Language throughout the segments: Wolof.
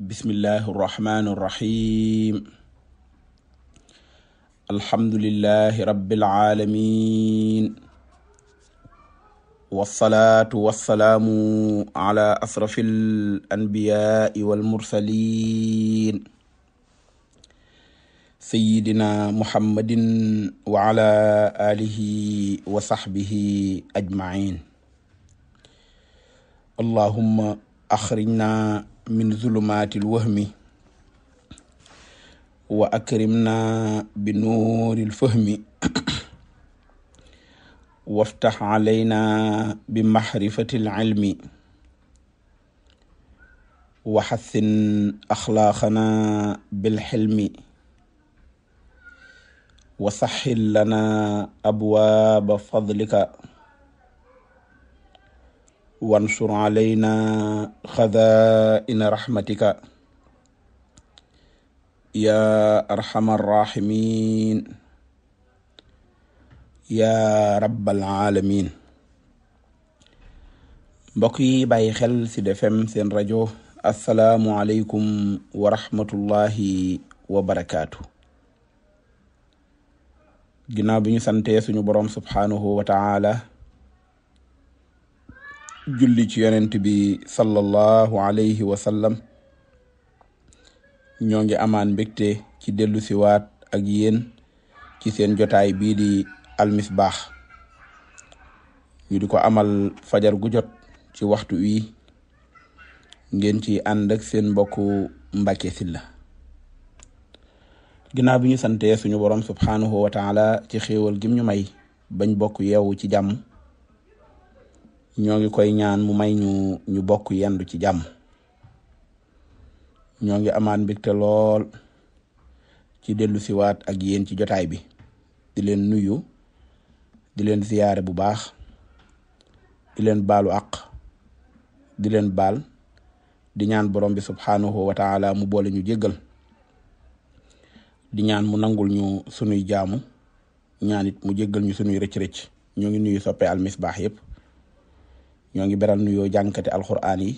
bismillahi irrahmani irrahim alhamdulilahi rabilaalamin walsalaatu walsalaamu ala asrafi alanbiyaai walmursalin sayidina muhammadin wa ala alihi wa saxbihi ajmain allahumma axrijna min zulumaatil wahmi wa akrimna bi nuuril fahmi waftax alayna bi maxrifatil ilmi wa xassin axlaaqana bil xilmi wa saxil lana abwaaba fadlika wansur alayna xadaina rahmatika ya arhamar rahimin ya rabbal alamin mbokk yi bàyyi xel ci Sud seen rajo assalaamu aleykum wa rahmatullahi wa barakaatu ginnaaw bi ñu santee suñu boroom subhaanahu wa julli ci yonent bi sallallahu alayhi wa sallam ñoo ngi amaan mbégte ci dellu siwaat ak yéen ci seen jotaay bii di almisbaax ñu di ko amal fajar gu jot ci waxtu wi ngeen ci ànd seen mbokku Mbacke Sylla ginnaaw bi ñu santee suñu borom subhanahu wa ci xéewal gim ñu may bañ bokk yeewu ci jàmm ñoo ngi koy ñaan mu may ñu ñu bokk yendu ci jàmm ñoo ngi amaat mbégte lool ci dellu siwaat ak yéen ci jotaay bi di leen nuyu di leen siyaare bu baax di leen baalu àq di leen baal di ñaan borom bi subhanahu wa taala mu boole ñu jéggal di ñaan mu nangul ñu sunuy jaamu ñaan it mu jëggal ñu sunuy rëcc-rëcc ñoo ngi nuyu soppe Al Misbah yëpp ñoo ngi beral nuyoo jàngkati alxuraan yi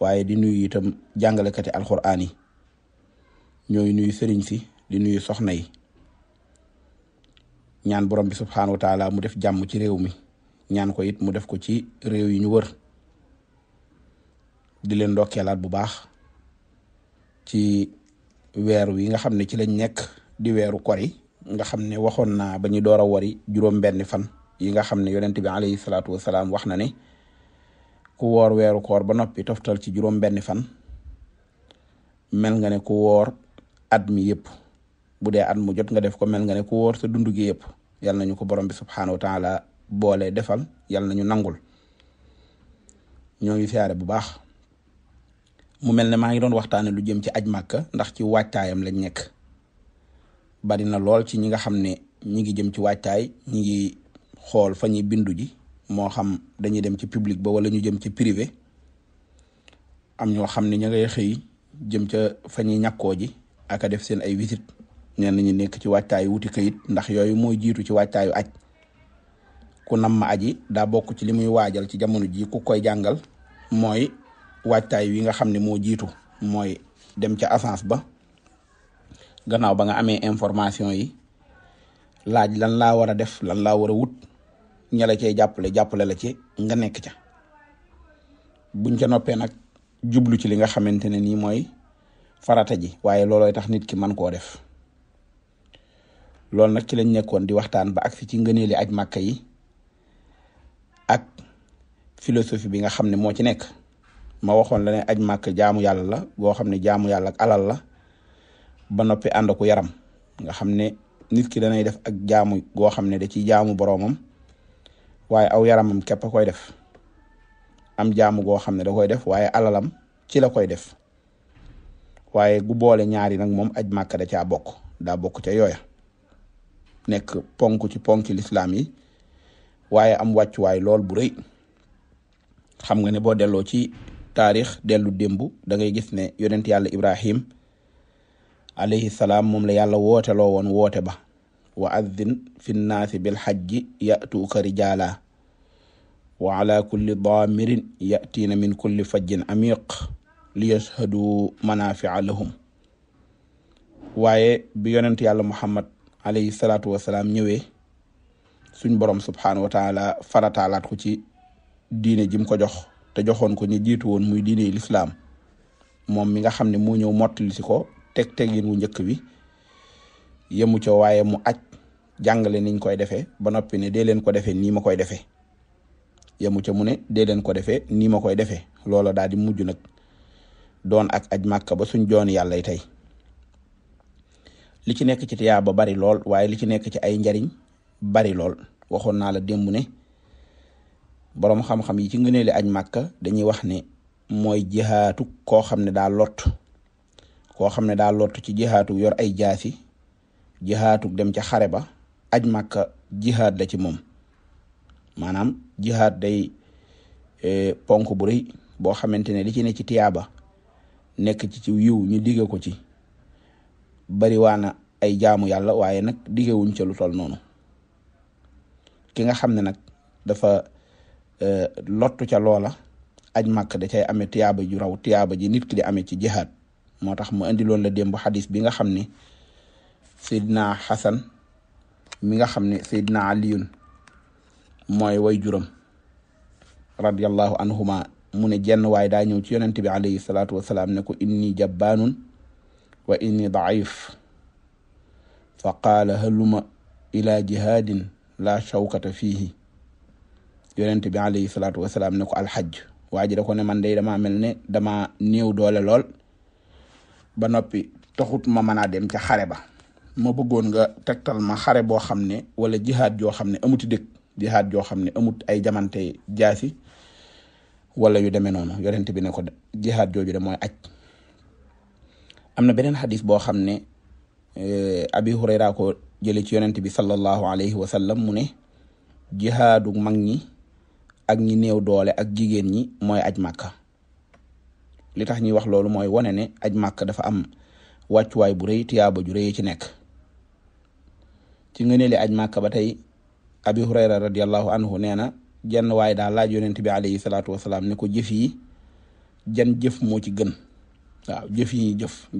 waaye di nuyu itam jàngalekati alxuraan yi ñooy nuyu sëriñ si di nuyu soxna yi ñaan borom bi subxanahu wa mu def jàmm ci réew mi ñaan ko it mu def ko ci réew yi ñu wër di leen ndokkeelaat bu baax ci weer wi nga xam ne ci lañ nekk di weeru kori nga xam ne waxoon naa ba ñu door a wori juróom-benni fan yi nga xam ne yonent bi alayhi salaatu wa salaam wax na ne. ku woor weeru koor ba noppi toftal ci juróom benni fan mel nga ne ku woor at mi yëpp bu dee at mu jot nga def ko mel nga ne ku woor sa dund yëpp yal nañu ko borom bi subxanahu wa taala boole defal yal nañu nangul ñoo ngi siyaare bu baax mu mel ne maa ngi doon waxtaane lu jëm ci aj màkka ndax ci waajtaayam lañ nekk bari na lool ci ñi nga xam ne ñi ngi jëm ci waajtaay ñi ngi xool fa ñuy bindu ji. moo xam dañuy dem ci public ba wala ñu jëm ci privé am ñoo xam ne ña ngay xëy jëm ca fa ñuy ñàkkoo ji ak def seen ay visite ñenn ñi nekk ci waajtaayu wuti kayit ndax yooyu mooy jiitu ci waajtaayu aj ku nam ma aji daa bokk ci li muy waajal ci jamono ji koy jàngal mooy waajtaay wi nga xam ne moo jiitu mooy dem ca avance ba gannaaw ba nga amee information yi laaj lan laa war a def lan laa war a wut ña la cay jàppale jàppale la ci nga nekk ca buñ ca noppee nag jublu ci li nga xamante ne nii mooy farata ji waaye loolooy tax nit ki man koo def loolu nag ci lañ nekkoon di waxtaan ba ak fi ci ngëneeli aj màkka yi ak philosophie bi nga xam ne moo ci nekk ma waxoon la ne aj màkk jaamu yàlla la boo xam ne jaamu yàlla ak alal la ba noppi ànd ko yaram nga xam ne nit ki danay def ak jaamu goo xam ne da ciy jaamu boroomam waaye aw yaramam képp a koy def am jaamu goo xam ne da koy def waaye alalam ci la koy def waaye gu boole ñaari nag moom aj màkka da caa bokk daa bokku ca yooya nekk ponk ci ponk lislaam yi waaye am wàccuwaay lool bu rëy xam nga ne boo delloo ci taarix dellu démb da ngay gis ne yonent yàlla Ibrahim alayhi salaam moom la yàlla woote loo woon woote ba wa addin fi nnaasi bilxajji yatuuka rijaala wa ala kulli daamirin yatiina min kulli fajjin amiq li yashhadu manafia lahum waaye bi yonent yàlla muhammad alayhi salaatu wasalaam ñëwee suñ borom subhaanahu wa taala farataalaat ko ci diine jim ko jox te joxoon ko ñu jiitu woon muy diine lislaam moom mi nga xam ne moo ñëw mottali si ko teg tegin wu njëkk bi yemu ca waaye mu aj jàngale niñ koy defee ba noppi ne dee leen ko defee nii ma koy defee yemu ca mu ne dee leen ko defee nii ma koy defee loola daal di mujj nag doon ak aj màkka ba suñ joon yàlla tey li ci nekk ci tiyaa ba bari lool waaye li ci nekk ci ay njariñ bari lool waxoon naa la démb ne boroom xam-xam yi ci ngëneeli aj màkka dañuy wax ne mooy jihaatu koo xam ne daa lot koo xam ne daa lot ci jihaatu yor ay jaasi jihaatug dem ca xare ba aj màkka jihaat la ci moom maanaam jihaat day e, ponk bu rëy boo xamante ne li ci ne ci tiyaaba nekk ci ci yiw ñu digge ko ci bari waana ay jaamu yàlla waaye nag diggewuñ ca lu tol noonu ki nga xam ne nag dafa e, lottu ca loola aj màkk da cay amee tiyaaba ju raw tiyaaba ji nit ki di amee ci jihaat moo tax mu indi loolu la démb xadis bi nga xam ni Seydina Xasan mi nga xam ne Seydina Aliyun mooy way juram radiyallahu anhuma mu ne jenn waay daa ñëw ci yonent bi alayhi salaatu wasalaam ne ko inni jabbaanun wa inni daif fa qaala bi alayhi salaatu wasalaam ne alxaj waa ko ne man day dama mel ne dama néew doole lool ba noppi taxut ma mën a dem ca xare ba ma bëggoon nga tegtal ma xare boo xam ne wala jihaad joo xam ne amuti dëkk jihaad joo xam ne amut ay jamante jaasi wala yu demee noonu yonent bi ne ko jihaad jooju de mooy aj am na beneen xadis boo xam ne eh, abi hurayra ko ci yonent bi sallallahu alayhi wa sallam mu ne jihaadu mag ñi ak ñi néew doole ak jigéen ñi mooy aj màkka li tax ñuy wax loolu mooy wane ne aj màkka dafa am wàccuwaay bu rëy tiyaaba ju rëy ci nekk ci nga ngëneeli aj màkka ba tey abi hurayra radiallahu anhu nee na jenn waaye daal laaj yonent bi alayhi salaatu wasalaam ne ko jëfi jan jëf moo ci gën waaw jëf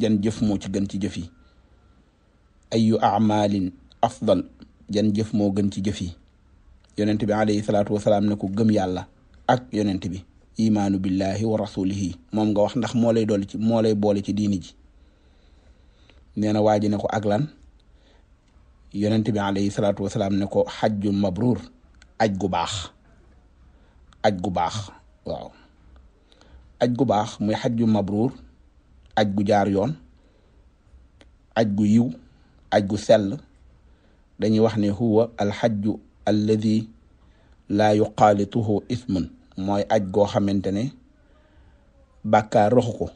jan jëf moo ci gën ci jëf yi ayu afdal jan jëf moo gën ci jëf yi yonent bi alayhi salaatu wasalaam ne ko gëm yàlla ak yonent bi imaanu billahi wa rasulihi moom nga wax ndax moo lay ci moo boole ci diini ji nee na waa ji ne ko ak lan yonent bi alayhi salaatu wasalaam ne ko xajjun mabruur aj gu baax aj gu baax waaw aj gu baax muy xajjun mabruur aj gu jaar yoon aj gu yiw aj gu sell dañuy wax ne huwa alxajju alladi laa yuqaalituhu ismun mooy aj goo xamante ne bàkkaar raxu ko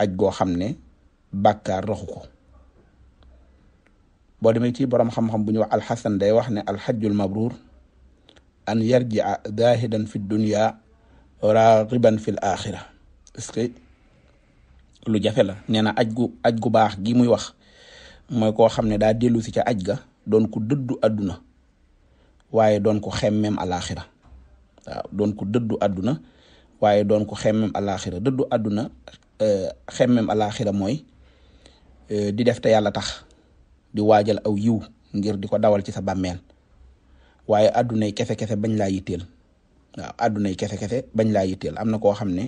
aj goo xam ne bàkkaar raxu ko boo demee ci borom xam-xam bu ñu wax alxasan day wax ne alxajjul mabruur an yarjia zahidan fi dunya ragiban fi l axira parce que lu jafe la nee na aj gu aj gu baax gi muy wax mooy koo xam ne daa dellu si ca aj ga doon ku dëddu àdduna waaye doon ku xemmeem alaxira waaw doon dëddu àdduna waaye doon ko xemmeem alaxira dëddu àdduna euh, xemmeem alaxira mooy euh, di def te yàlla tax di waajal aw yiw ngir di ko dawal ci sa bàmmeel waaye àddunay kefe-kefe bañ laa yitteel waaw àddunay kefe-kefe bañ laa yitteel am na koo xam ne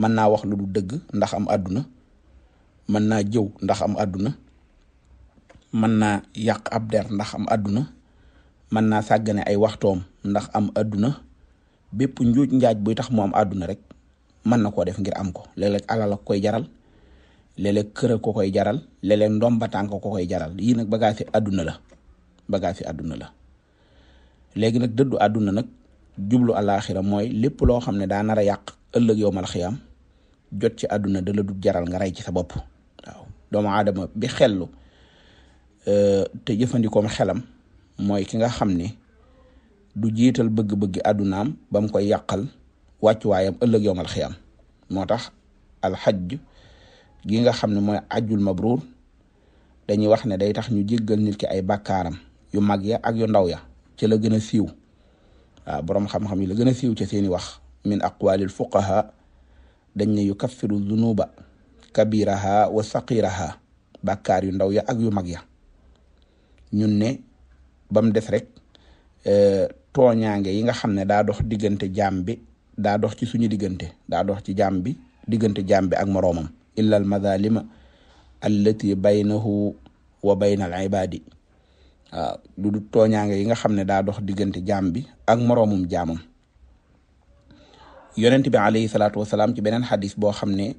mën naa wax lu du dëgg ndax am àdduna mën naa jëw ndax am àdduna mën naa yàq ab der ndax am àdduna mën naa sàggane ay waxtoom ndax am àdduna bépp njuuj njaaj buy tax mu am àdduna rek mën na koo def ngir am ko léeg-léeg alal ak koy jaral léeg-léeg kër ko koy jaral léeg-léeg ndomba tànk ko koy jaral yii nag bagaas yi àdduna la bagaas yi àdduna la léegi nag dëddu àdduna nag jublu àllaaxira mooy lépp loo xam ne daa nar a yàq ëllëg yow mal xiyaam jot ci àdduna da la jaral nga rey ci sa bopp waaw doomu aadama bi xellu euh, te jëfandikoom xelam mooy ki nga xam ne du jiital bëgg-bëggi àddunaam ba mu koy yàqal wàccuwaayam ëllëg yomal xiyaam moo tax alxajj gi nga xam ne mooy ajjul mabruur dañuy wax ne day tax ñu jéggal nit ki ay bakkaaram yu mag ya ak yu ndaw ya ci la gën a siiw waaw boroom xam-xam yi la gën a siiw ca seeni wax min aqwalil fuqaha dañ ne yu kaffiru dunuba kabiraha wa saqiraha bakkaar yu ndaw ya ak yu mag ya ñun ne bam def rek eh, tooñaange yi nga xam ne daa dox diggante jaam bi daa dox ci suñu diggante daa dox ci jaam bi diggante jaam bi ak moroomam illa al madalima allati baynahu wa bayna al ibadi waaw lu tooñaange yi nga xam ne daa dox diggante jaam bi ak moroomum jaamam yonent bi alayhi salaatu wasalaam ci beneen xadis boo xam ne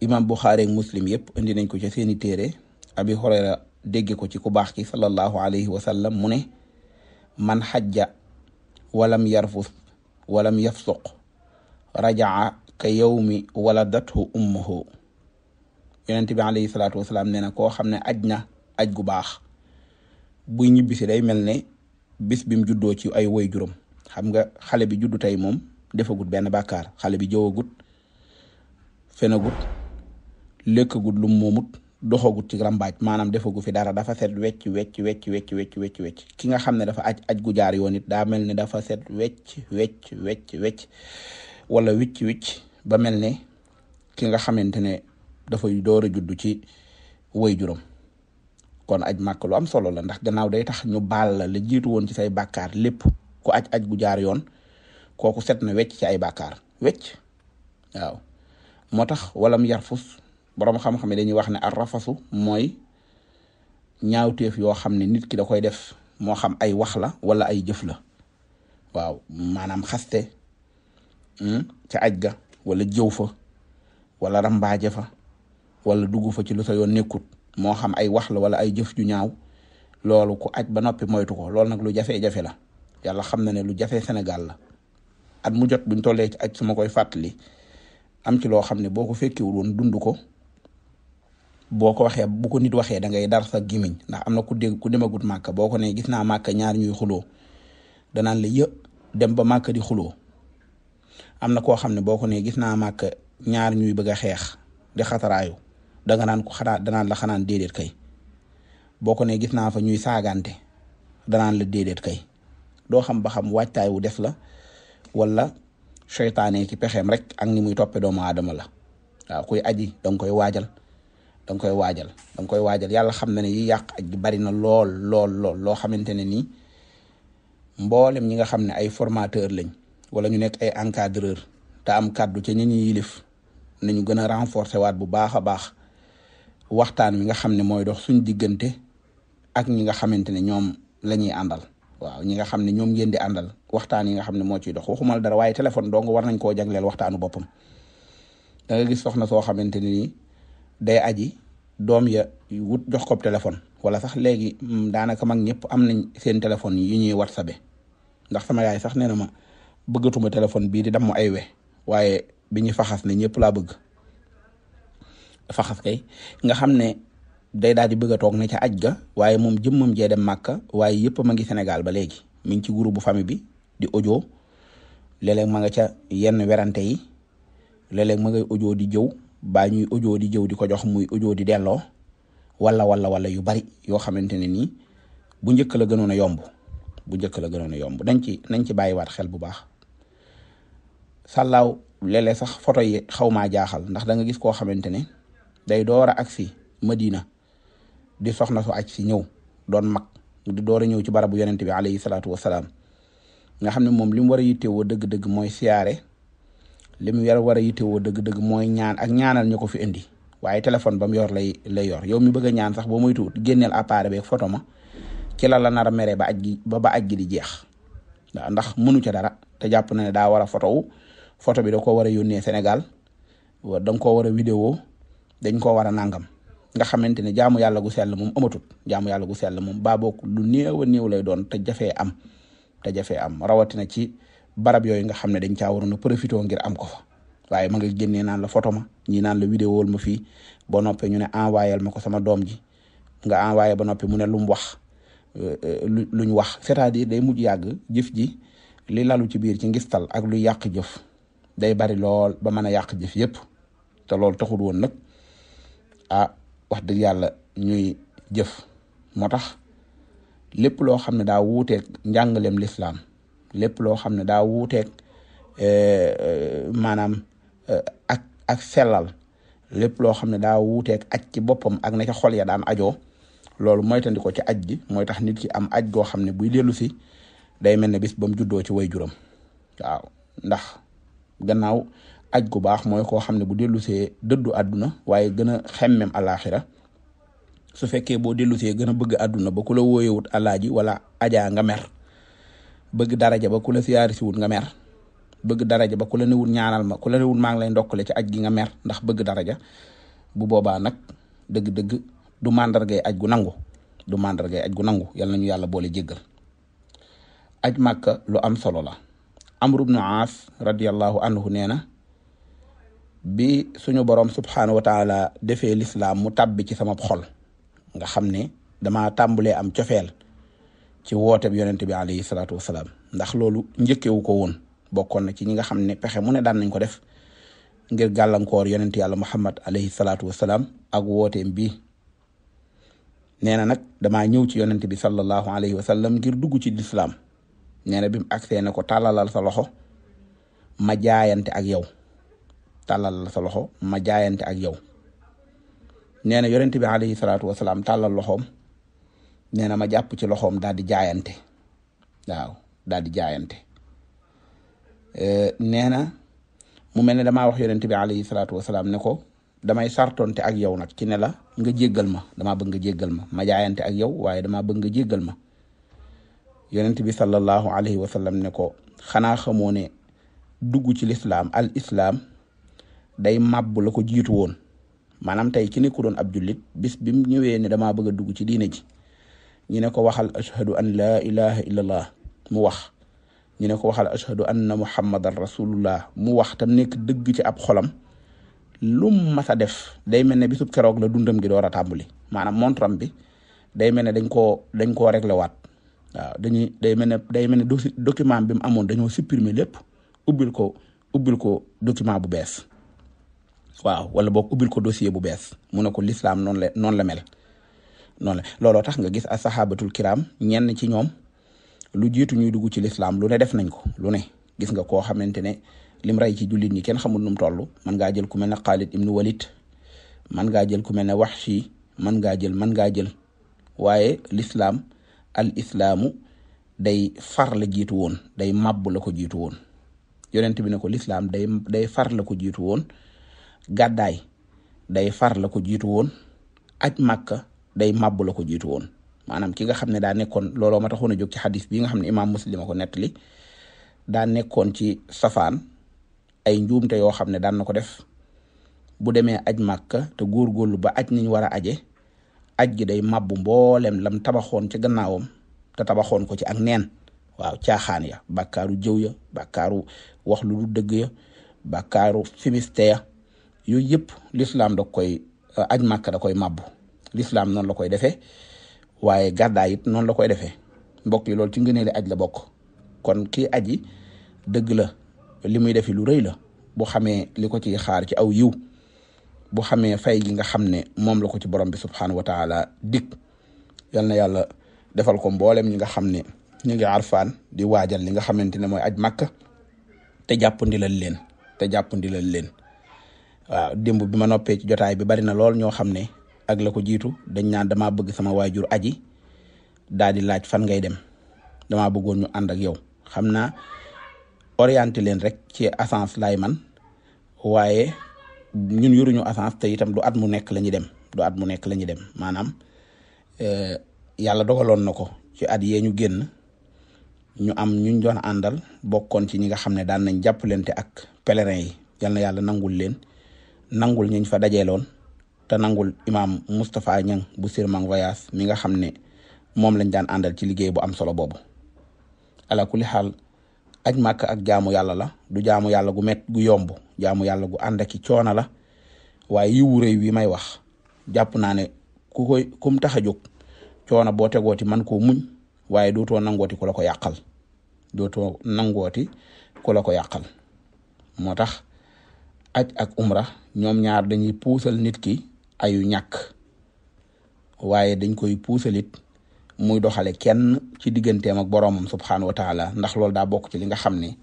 imam Buxaari ak muslim yëpp indi nañ ko ci seeni téere abi Hurayra dégge ko ci ku baax ki sallallahu alayhi wa sallam mu ne man xajja walam yarfus walam yafsuq rajaa ka yawmi waladathu ummuhu yonent bi alayhi salaatu wasalaam nee na koo xam ne aj na aj gu baax buy ñibbisi day mel ne bis bim juddoo ci ay woy juróom xam nga xale bi juddu tey moom defagut benn bàkkaar xale bi jëwagut fenagut lekkagut lum moomut doxagut ci rambaaj maanaam defagu fi dara dafa set wecc wecc wecc wecc wecc wecc wecc ki nga xam ne dafa aj aj gu jaar yoon it daa mel ne dafa set wecc wecc wecc wecc wala wicc wicc ba mel ne ki nga xamante ne dafay door a juddu ci woy juróom kon aj mak lu am solo la ndax gannaaw day tax ñu baal la la jiitu woon ci say bàkkaar lépp ku aj aj gu jaar yoon kooku set na wecc ci ay bakaar wecc waaw moo tax walam yarfus boroom xam-xam dañuy wax ne ar mooy ñaawteef yoo xam ne nit ki da koy def moo xam ay wax la wala ay jëf la waaw maanaam xaste hmm, ca aj ga wala jëw fa wala rambaaje fa wala dugg fa ci lu sa yoon nekkut moo xam ay wax la wala ay jëf ju ñaaw loolu ku aj ba noppi moytu ko loolu nag lu jafe-jafe la yàlla xam na ne lu jafe senegal la at mu jot buñ tollee ci aj su ma koy fàttali am ci loo xam ne boo ko fekkiwul woon dund ko boo ko waxee bu ko nit waxee da ngay dar sa gimiñ ndax am na ku dégg ku demagut màkk boo ko ne gis naa màkk ñaar ñuy xuloo danaan la yë dem ba màkk di xuloo am na koo xam ne boo ko nee gis naa màkk ñaar ñuy bëgg a xeex di xataraayu danga naan ko xanaa danaan la xanaan déedéet kay boo ko nee gis naa fa ñuy saagante danaan la déedéet kay doo xam ba xam waajtaay wu def la wala seytaane ki pexeem rek ak ni muy toppe doomu aadama la waaw kuy aji danga koy waajal danga koy waajal danga koy waajal yàlla xam na ne yi yàq aj gi bari na lool lool lool loo xamante ne nii mboolem ñi nga xam ne ay formateur lañ wala ñu nekk ay encadreur te am kàddu ca ñu ñuy yilif nañu gën a renforcer waat bu baax a baax waxtaan wi nga xam ne mooy dox suñ diggante ak ñi nga xamante ne ñoom la ñuy àndal waaw ñi nga xam ne ñoom ngeen di àndal waxtaan yi nga xam ne moo ciy dox waxumal dara waaye téléphone dong war nañ koo jagleel waxtaanu boppam da nga soxna soo xamante ne nii day aji doom ya wut jox ko téléphone wala sax léegi mm, daanaka mag ñëpp am nañ seen téléphone yi ñuy sabe ndax sama yaay sax nee na ma bëggatuma téléphone bii di damm ay we waaye bi ñu faxas ne ñëpp laa bëgg faxas kay nga xam ne day daal di bëgg a toog ne ca aj ga waaye moom jëmmam jee dem màkka waaye yëpp ma ngi senegal ba léegi mi ngi ci groupe bu famille bi di audio léeg ma nga ca yenn werante yi léeg-léeg ma ngay audio di jëw baa ñuy audio di jëw di ko jox muy audio di delloo wala wala wala yu bari yoo xamante ne nii bu njëkk la gënoon a yomb bu njëkk la gënoon a yomb dañ ci nañ ci bàyyiwaat xel bu baax sàllaaw léeg sax foto yi xaw maa jaaxal ndax da nga gis koo xamante ne day door a ma diina di soxna su aj si ñëw doon mag di door a ñëw ci barabu yonent bi alayhi salaatu wa nga xam ne moom li mu war a yittewoo dëgg mooy siyaare li mu war a yittewoo dëgg-dëgg mooy ñaan ak ñaanal ñu ko fi indi waaye téléphone ba mu yor lay lay yor yow mi bëgg a ñaan sax boo muy tuut génneel appareil beeg photo ma ci la la nar a mere ba aj gi di jeex ndax mënu ca dara te jàpp na ne daa war a photo foto bi da koo war a yónnee Sénégal da nga koo war a vidéo dañ koo war a nangam nga xamante ne jaamu yàlla gu sell moom amatul jaamu yàlla gu sell moom baa lu néew a néew lay doon te jafee am te jafee am rawatina ci barab yooyu nga xam ne dañ caa waroon a profité ngir am ko fa waaye ma nga génnee naan la photo ma ñii naan la vidéo ma fii ba noppee ñu ne envoyé ma ko sama doom ji nga envoyé ba noppi mu ne lu mu wax euh, euh, lu luñ wax c'est-à-dire day mujj yàgg jëf ji li lalu ci biir ci ngistal ak lu yàq jëf day bari lool ba mën a yàq jëf yëpp te loolu taxul woon nag a ah, wax dëgg yàlla ñuy jëf moo tax lépp loo xam ne daa wuuteeg njàngaleem lislaam lépp loo xam ne daa wuuteeg eh, eh, maanaam eh, ak ak sellal lépp loo xam ne daa wuuteeg aj ci boppam ak na ca xol ya daan ajoo loolu moytandi ko ci aj ji mooy tax nit ki am aj goo xam ne buy dellu si day mel ne bis ba mu juddoo ci woy juram waaw ndax gannaaw aj gu baax mooy koo xam ne bu dellusee dëddu àdduna waaye gën a xem xemmem alaxira su fekkee boo dellusee gën a bëgg àdduna ba ku la wooyewut alaaji wala ajaa nga mer bëgg daraja ba ku la siyaari wut nga mer bëgg daraja ba la newul ñaanal ma ku la newul maa ngi lay ndokkale ci aj gi nga mer ndax bëgg daraja bu boobaa nag dëgg-dëgg du màndargay aj gu nangu du màndargay aj gu nangu yàlla nañu yàlla boole jéggal aj màkka lu am solo la amr ibnu aas radiallahu anhu nee na bi suñu borom subhanahu wa defee lislaam mu tàbbi ci sama xol nga xam ne dama tàmbulee am cofeel ci woote bi yonent bi alayhi salaatu wasalaam ndax loolu njëkkewu ko woon bokkoon na ci ñi nga xam ne pexe mu ne daan nañ ko def ngir gàllankoor yonent yàlla muhammad alayhi salaatu wasalaam ak wooteem bi nee na nag damaa ñëw ci yonent bi sallallahu alayhi wa sallam ngir dugg ci lislaam nee na bi mu agsee ne ko tàllalal sa loxo ma jaayante ak yow tàllalal sa loxo ma jaayante ak yow nee na yonent bi alayhi salaatu wasalaam tàllal loxoom nee na ma jàpp ci loxoom daal di jaayante waaw daal di jaayante nee na mu mel ne damaa wax yonent bi alayhi salaam wasalaam ne ko damay sartonte ak yow nag ci ne la nga jégal ma damaa bëgg nga jégal ma ma jaayante ak yow waaye damaa bëgg nga jégal ma yonent bi sallallahu alayhi wa ne ko xanaa xamoo ne dugg ci lislaam al islaam day màbb la ko jiitu woon maanaam tey ki nekku doon ab jullit bis bi mu ñëwee ne damaa bëgg a dugg ci diine ji ñu ne ko waxal ashhadu an laa ilaha illallah mu wax ñu ne ko waxal ashhadu anna muhammadan rasulullah mu wax ta nekk dëgg ci ab xolam lum mas a def day mel ne bisub keroog la dundam gi door a tàmbali maanaam montram bi day mel ne dañ koo dañ koo réglé waaw dañuy day mel ne day mel ne document bi mu amoon dañoo supprimer lépp ubbil ko ubbil ko document bu bees waaw wala boog ubbil ko dossier bu bees mu ne ko lislaam noon la noonu la mel noonu looloo tax nga gis asaxaabatul kiram ñenn ci ñoom lu jiitu ñuy dugg ci lislaam lu ne def nañ ko lu ne gis nga koo xamante ne lim rey ci jullit ñi kenn xamul nu mu toll mën ngaa jël ku mel ne Xaalid ibnu Walid mën ngaa jël ku mel ne Waxshi mën ngaa jël man ngaa jël waaye lislaam al islaamu day far la jiitu woon day màbb la ko jiitu woon yonent bi ne ko lislaam day day far la ko jiitu woon gàddaay day far la ko jiitu woon aj màkka day màbb la ko jiitu woon maanaam ki nga xam ne daa nekkoon looloo ma taxoon a jóg ci xadis bi nga xam ne imaam muslim a ko nettali daa nekkoon ci safaan ay njuumte yoo xam ne daan na ko def bu demee aj màkka te góorgóorlu ba aj niñ war a aje aj gi day mabbu mboolem lam tabaxoon ci gannaawam te tabaxoon ko ci ak neen waaw caaxaan ya bakkaaru jëw ya bakkaaru waxlu du dëgg ya bakkaaru fimiste ya yooyu yëpp lislaam da koy aj màkk da koy mabbu lislaam noonu la koy defee waaye gàddaay it noonu la koy defe mbokk yi loolu ci ngëneeli aj la bokk kon kii aji dëgg la li muy defi lu rëy la boo xamee li ko ciy xaar ci aw yiw bu xamee fay gi nga xam ne moom la ko ci borom bi subxanahu wa taala dikk yal na yàlla defal ko mboolem ñi nga xam ne ñu ngi arfaan di waajal li nga xamante ne mooy aj Makka te jàppandilal leen te jàppandilal leen waaw démb bi ma noppee ci jotaay bi bari na lool ñoo xam ne ak la ko jiitu dañ naan damaa bëgg sama waajur aji daal di laaj fan ngay dem damaa bëggoon ñu ànd ak yow xam naa orienté leen rek ci essence lay man waaye. ñun yoruñu assance te itam du at mu nekk la ñuy dem du mu nekk la ñuy dem maanaam euh, yàlla dogaloon na ko ci at yee ñu génn ñu am ñuñ doon àndal bokkoon ci ñi nga xam ne daan nañ jàppalante ak pèlerin yi yal na yàlla nangul leen nangul ñiñ fa dajeeloon te nangul imaam Moustapha Niang bu Sirmang voyage mi nga xam ne moom lañ daan àndal ci liggéey bu am solo boobu ala kulli xaal aj màkk ak jaamu yàlla la du jaamu yàlla gu met gu yomb jaamu yàlla gu ànd ak i coono la waaye yiwu rëy wi may wax jàpp naa ne ku koy kum tax a jóg coono boo tegooti man koo muñ waaye dootoo nangooti ku la ko yàqal dootoo nangooti ku la ko yàqal moo tax aj ak umra ñoom ñaar dañuy puusal nit ki ayu ñàkk waaye dañ koy puusalit muy doxale kenn ci digganteem ak boroomam subxanahu wa ndax loolu daa bokk ci li nga xam ni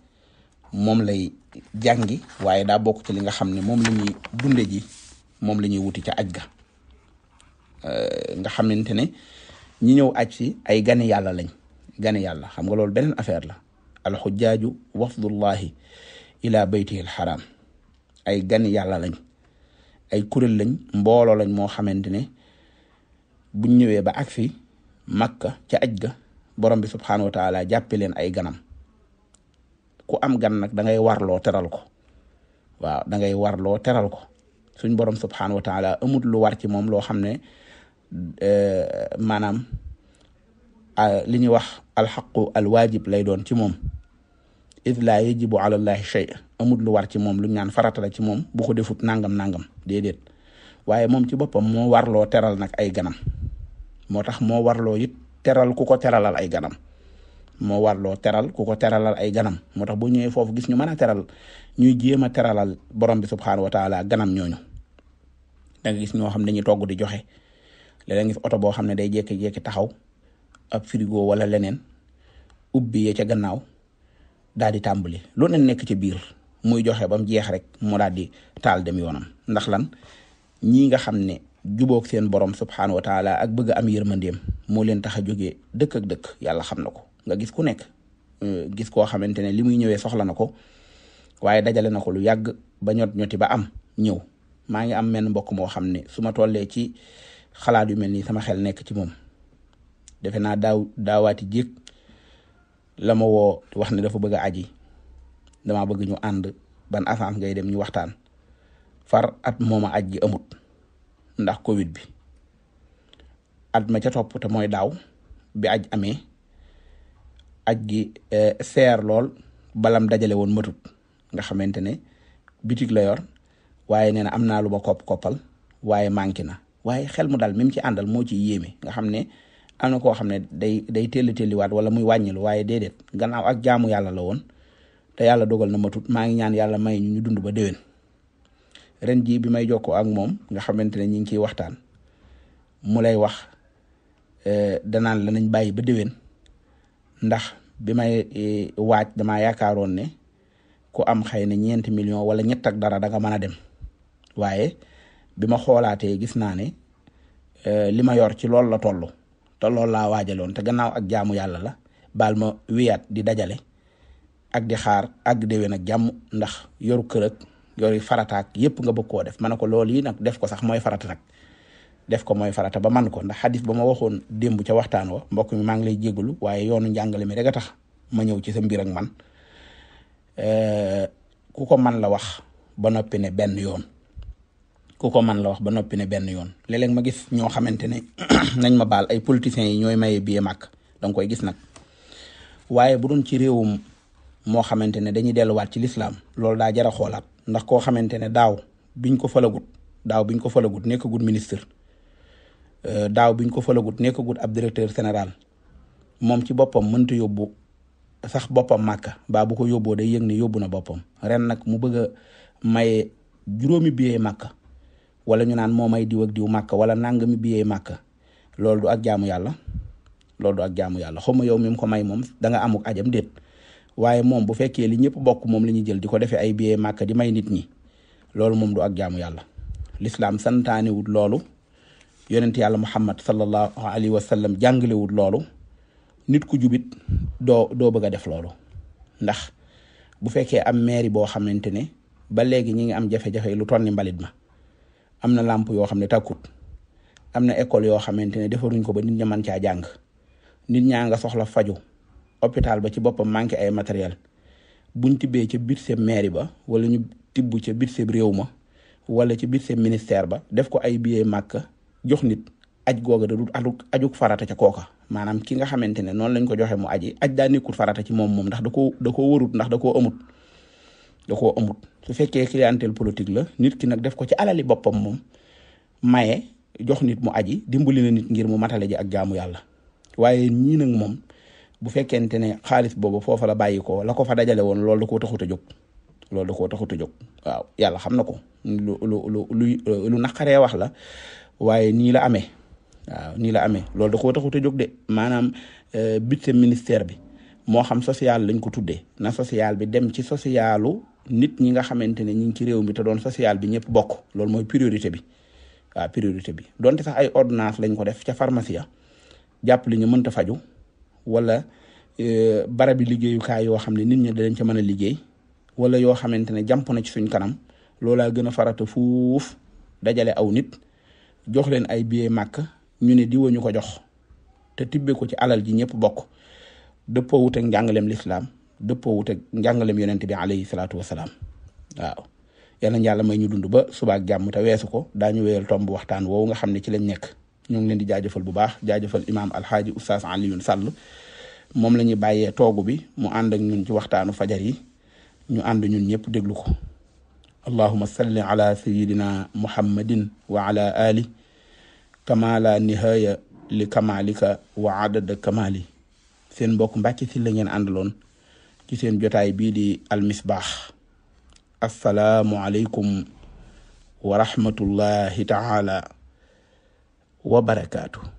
moom lay jàngi waaye daa bokk ci li nga xam ne moom lañuy ñuy dunde ji moom la ñuy wuti ca aj ga euh, nga xamante ne ñi ñëw aj si ay gane yàlla lañ gane yàlla xam nga loolu beneen affaire la alxujaaju wafdullahi ila baytihi alxaram ay gane yàlla lañ ay kuréel lañ mbooloo lañ moo xamante ne buñ ñëwee ba ak fi makka ca aj ga borom bi subhanahu wa taala jàppe leen ay ganam ku am gan nag da ngay warloo teral ko waaw da warloo teral ko suñ borom subhanahu wa taala amut lu war ci moom loo xam ne eh, maanaam li ñuy wax alxaqu alwaajib lay doon ci moom id laa yajibu ala llahi shay amut lu war ci moom lu ñu naan farata la ci moom bu defut nangam nangam déedéet waaye moom ci boppam moo warloo teral nag ay ganam moo tax moo warloo it teral ku ko teralal ay ganam moo warloo teral ku ko teralal ay ganam moo tax boo ñëwee foofu gis ñu mën a teral ñuy jéem a teralal borom bi subxanahu wa taala ganam ñooñu da nga gis ñoo xam ne dañuy togg di joxe léeg gis oto boo xam ne day jékki-jékki taxaw ab wala leneen ubbi ca gannaaw daal di tàmbali lu ne nekk ci biir muy joxe ba mu jeex rek mu di taal dem yoonam ndax lan ñii nga xam ne. jubóog seen borom subxanahu wa a ak bëgg am yërmandeem moo leen tax a jógee dëkk ak dëkk yàlla xam na ko. nga gis ku nekk euh, gis koo xamante ne li muy ñëwee soxla na ko waaye dajale na ko lu yàgg ba ñot ñoti ba am ñëw maa ngi am menn mbokk moo xam ne su ma tollee ci xalaat yu mel ni sama xel nekk ci moom defe naa daaw daawaati jéeg la ma woo wax ne dafa bëgg a aji dama bëgg ñu ànd ban assance ngay dem ñu waxtaan far at mooma aj gi amut ndax Covid bi at ma te mooy daaw bi aj amee aj gi seer eh, lool balam dajale woon matut nga xamante ne bitig la yor waaye nee na am naa lu ba kopp-koppal waaye manqué na waaye xel mu daal même ci àndal moo ci yéeme nga xam ne am na koo xam ne day day telli telliwaat wala muy wàññilu waaye déedéet gannaaw ak jaamu yàlla la woon te yàlla dogal na matut maa ngi ñaan yàlla may ñu ñu dund ba déwén ren jii bi may jokkoo ak moom nga xamante ne ñu ngi ciy waxtaan mu lay wax eh, danaan la nañ bàyyi ba déwén ndax bi may e, waaj damaa yaakaaroon ne ku am xëy ne ñeenti million wala ñett ak dara danga nga mën a dem waaye bi ma xoolaatee gis naa ne e, li ma yor ci loolu la toll te loolu laa waajaloon te gannaaw ak jaamu yàlla la baal ma wiyaat di dajale ak di xaar ak déwén ak jàmm ndax yoru kër ak yoru farataak yépp nga bëgg koo def ma ne ko loolu yi nag def ko sax mooy farata nag def ko mooy farata ba man ko ndax xadis ba ma waxoon démb ca waxtaan wa mbokk mi maa ngi lay jégalu waaye yoonu njàngale mi rek a tax ma ñëw ci sa mbir ak man eh, ku ko man la wax ba noppi ne benn yoon ku ko la wax ba noppi ne benn yoon léeg ma gis ñoo xamante ne nañ ma baal ay politiciens yi ñooy maye billet màkk danga koy gis nag waaye bu doon ci réewum moo xamante ne dañuy delluwaat ci lislaam loolu daa jara xoolaat ndax koo xamante ne daaw biñ ko falagut daaw biñ ko falagut nekkagut ministre Euh, daaw biñ ko falagut nekkagut ab directeur général moom ci boppam mënta yóbbu sax boppam màkka baa bu ko yóbboo day yëg ne yóbbu na boppam ren nag mu bëgg a maye juróomi billet màkka wala ñu naan moom may diw ak diw màkka wala nangami billet màkka loolu du ak jaamu yàlla loolu du ak jaamu yàlla xaw ma yow mi ko may moom da nga ajam déet waaye moom bu fekkee li ñëpp bokk moom la ñuy jël di ko defee ay billet màkka di may nit ñi loolu moom du ak jaamu yàlla lislaam santaanewut loolu yonent yàlla muhammad sallallahu alayhi wa sallam jàngalewul loolu nit ku jubit doo doo bëgg a def loolu ndax bu fekkee am mairie boo xamante ne ba léegi ñi ngi am jafe-jafe lu toll ni mbalit ma am na làmp yoo xam ne takkut am na école yoo xamante ne defaruñ ko ba nit ña mën caa jàng nit ñaa nga soxla faju hôpital ba ci boppam manqué ay matériel buñ tibbee ca budget mairie ba wala ñu tibb ca budget réew ma wala ci budget ministère ba def ko ay billet màkk jox nit aj googa da du aju farata ca kooka maanaam ki nga xamante ne noonu lañ ko joxe mu aji aj daa nekkul farata ci moom moom ndax da koo da warut ndax da koo amut da koo amut su fekkee clientèle politique la nit ki nag def ko ci alali boppam moom maye jox nit mu aji dimbali na nit ngir mu matale ji ak jaamu yàlla waaye ñii nag moom bu fekkente ne xaalis boobu foofa la bàyyi ko la fa dajale woon loolu da koo taxut a jóg loolu da koo a jóg yàlla xam na ko lu lu lu lu naqaree wax la waaye nii la amee waaw nii la amee loolu da koo taxut a jóg de maanaam euh, budget ministère bi moo xam social lañ ko tuddee na social bi dem ci socialu nit ñi nga xamante ne ñi ngi ci réew mi te doon social bi ñëpp bokk loolu mooy priorité bi waaw priorité bi donte sax ay ordonnance lañ ko def ca pharmacie ya jàpp li ñu mënta faju wala euh, barabi liggéeyukaay yoo xam ne nit ñi danañ ca mën a liggéey wala yoo xamante ne jàmp na ci suñ kanam loolaa gën a farata fuuf dajale aw nit jox leen ay billet màkk ñu ne diwa ñu ko jox te tibbe ko ci alal ji ñëpp bokk dëppoo wut ak njàngaleem lislaam dëppoo wut ak njàngaleem yonent bi alayhi salaatu wa salaam waaw yal na yàlla ñu dund ba suba ak jàmm te weesu ko daa daañu wéyal tomb waxtaan woowu nga xam ne ci lañ nekk ñu ngi leen di jaajëfal bu baax jaajëfal imaam alxaaji oustaz Alioune Sall moom la ñuy bàyyee toogu bi mu ànd ak ñun ci waxtaanu fajar yi ñu ànd ñun ñëpp déglu ko. allahuma salli ala sayidina muhammadin wa ala ali kama la nihaya li wa adada kamali seen mbokk Mbàcke Sylla ngeen àndaloon ci seen jotaay bii di almisbaax assalaamu aleykum wa rahmatullahi taala wa barakaatu